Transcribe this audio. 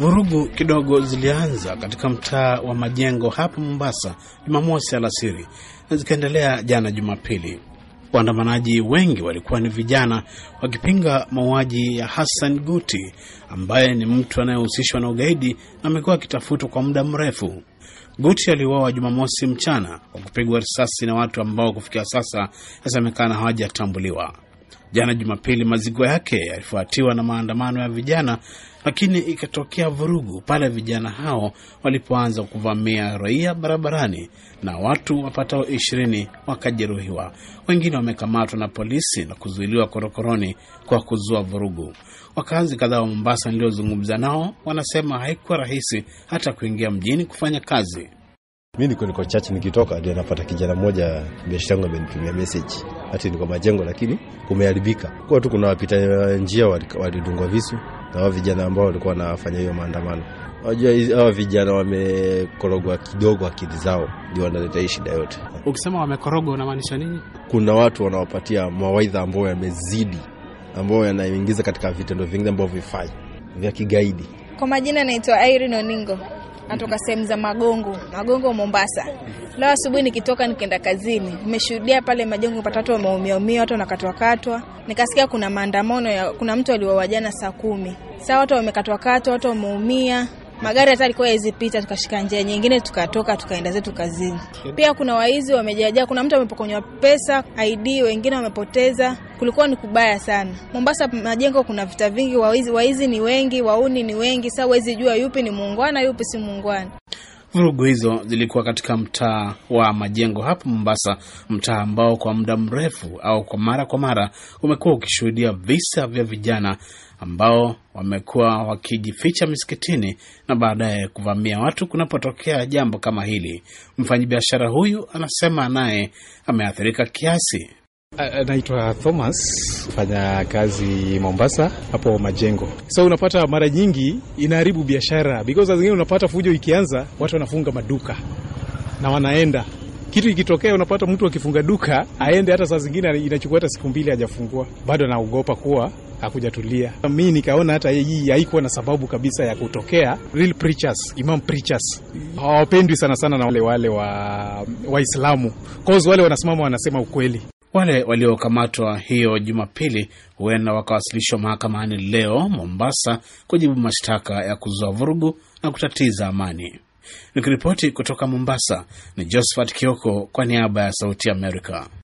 Vurugu kidogo zilianza katika mtaa wa Majengo hapa Mombasa Jumamosi alasiri na zikaendelea jana Jumapili. Waandamanaji wengi walikuwa ni vijana wakipinga mauaji ya Hassan Guti ambaye ni mtu anayehusishwa na ugaidi na amekuwa akitafutwa kwa muda mrefu. Guti aliuawa Jumamosi mchana kwa kupigwa risasi na watu ambao kufikia sasa yasemekana hawajatambuliwa. Jana Jumapili, mazigo yake yalifuatiwa na maandamano ya vijana, lakini ikatokea vurugu pale vijana hao walipoanza kuvamia raia barabarani na watu wapatao ishirini wakajeruhiwa. Wengine wamekamatwa na polisi na kuzuiliwa korokoroni kwa kuzua vurugu. Wakazi kadhaa wa Mombasa niliozungumza nao wanasema haikuwa rahisi hata kuingia mjini kufanya kazi. Mi niko niko chache nikitoka, ndio napata kijana mmoja biashara yangu amenitumia meseji ati ni kwa majengo, lakini kumeharibika kwa tu, kuna wapita njia walidungwa visu na hao vijana ambao walikuwa wanafanya hiyo maandamano. Unajua hawa vijana wamekorogwa kidogo akili zao, ndio wanaleta hii shida yote. Ukisema wamekorogwa unamaanisha nini? Kuna watu wanawapatia mawaidha ambayo yamezidi, ambayo yanaingiza katika vitendo vingine ambavyo vifai vya kigaidi. Kwa majina naitwa Irene Oningo natoka sehemu za Magongo, Magongo Mombasa. Leo asubuhi nikitoka nikaenda kazini, nimeshuhudia pale majengo pata watu wameumiaumia, watu wanakatwakatwa. Nikasikia kuna maandamano ya kuna mtu aliuawa saa kumi. Sasa watu wamekatwakatwa, watu wameumia magari hata alikuwa hizi pita, tukashika njia nyingine tukatoka tukaenda zetu kazini. Pia kuna waizi wamejaajaa, kuna mtu amepokonywa pesa, ID, wengine wamepoteza. Kulikuwa ni kubaya sana. Mombasa majengo kuna vita vingi, waizi waizi ni wengi, wauni ni wengi. Sasa huwezi jua yupi ni muungwana, yupi si muungwana. Vurugu hizo zilikuwa katika mtaa wa Majengo hapo Mombasa, mtaa ambao kwa muda mrefu au kwa mara kwa mara umekuwa ukishuhudia visa vya vijana ambao wamekuwa wakijificha misikitini na baadaye kuvamia watu kunapotokea jambo kama hili. Mfanyabiashara huyu anasema naye ameathirika kiasi Eh, eh, naitwa Thomas, fanya kazi Mombasa hapo Majengo. So unapata mara nyingi inaharibu biashara because saa zingine unapata fujo ikianza, watu wanafunga maduka na wanaenda kitu ikitokea, unapata mtu akifunga duka aende, hata saa zingine inachukua hata siku mbili hajafungua, bado anaogopa kuwa hakujatulia. Mi nikaona hata hii haikuwa na sababu kabisa ya kutokea. Real preachers, imam preachers hawapendwi sana sana na wale wale wa Waislamu cause wale wanasimama wanasema ukweli. Wale waliokamatwa hiyo Jumapili huenda wakawasilishwa mahakamani leo Mombasa kujibu mashtaka ya kuzua vurugu na kutatiza amani. Nikiripoti kutoka Mombasa ni Josephat Kioko kwa niaba ya Sauti Amerika.